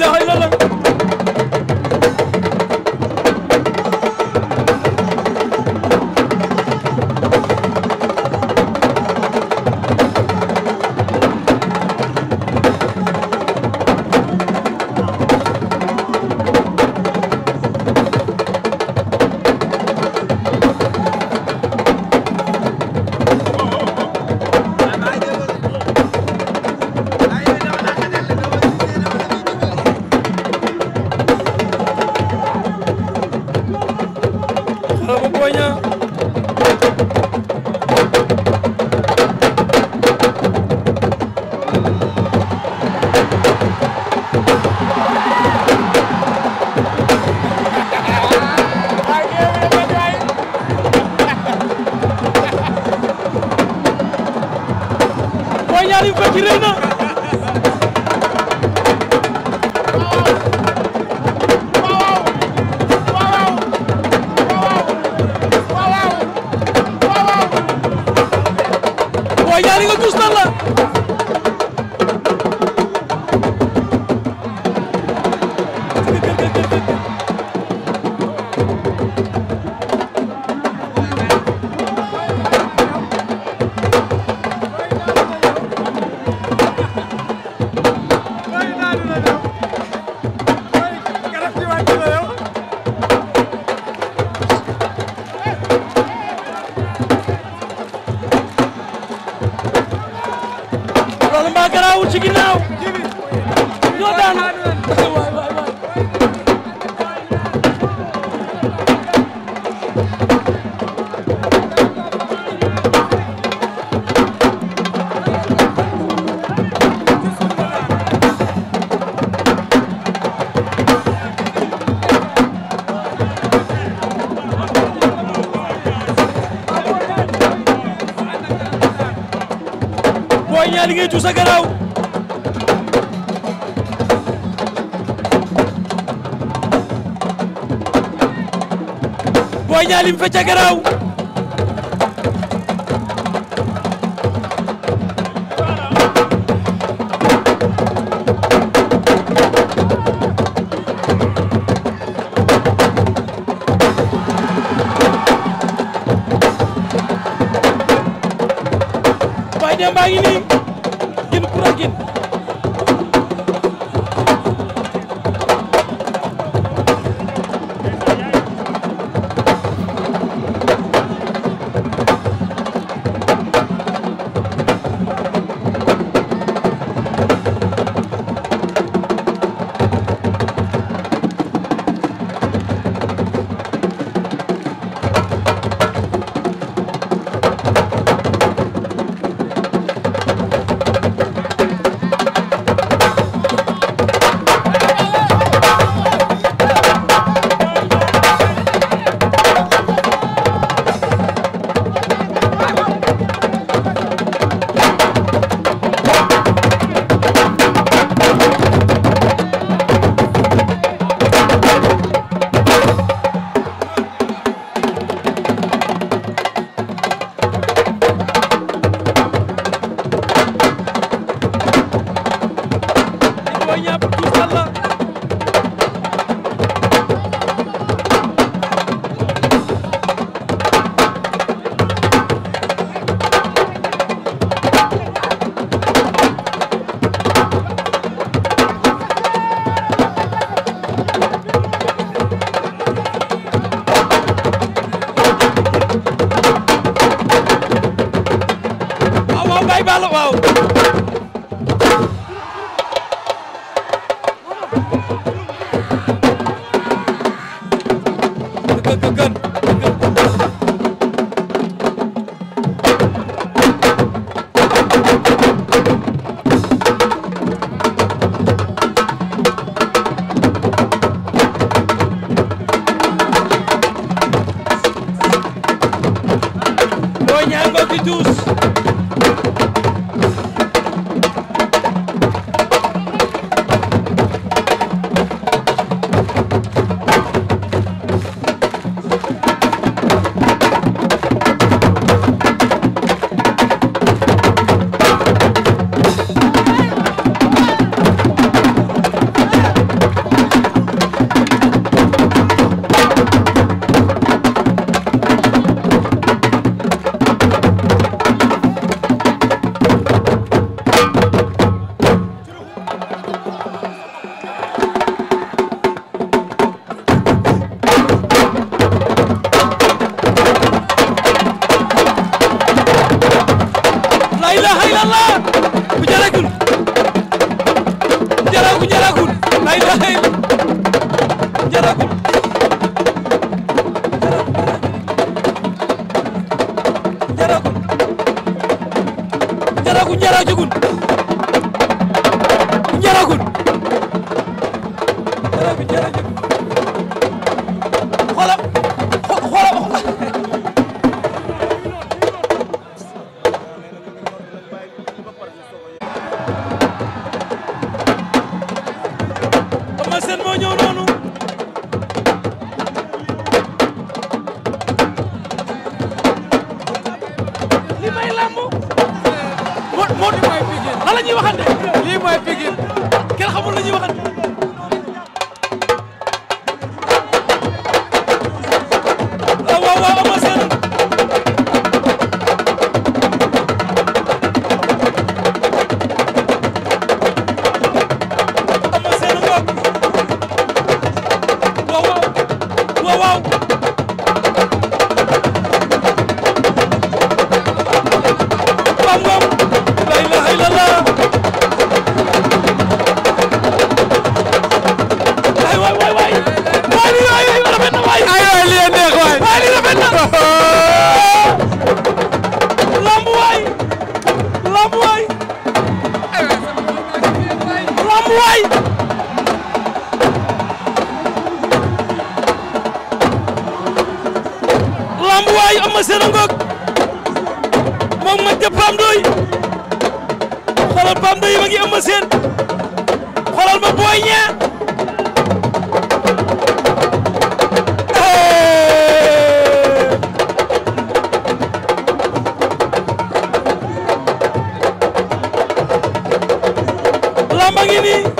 ilaha illallah ci ginnaaw ñoo daanu Boy Niang li ngay tuus a garaaw Boy Niang lim fecca garaaw Boy Niang baa ngi nii ay balla waaw ilaha illallah ku jarakul jarakul jarakul la ilaha illallah jarakul jarakul jarakul jarakul jarakul ñuy waxante lii mooy Pikine kenn xamul lu ñuy waxante waaw waaw ma seen a ngoog moom ma jëpp Pape Ndoye xoolal Pape Ndoye ma ngi am ma lamba ngi nii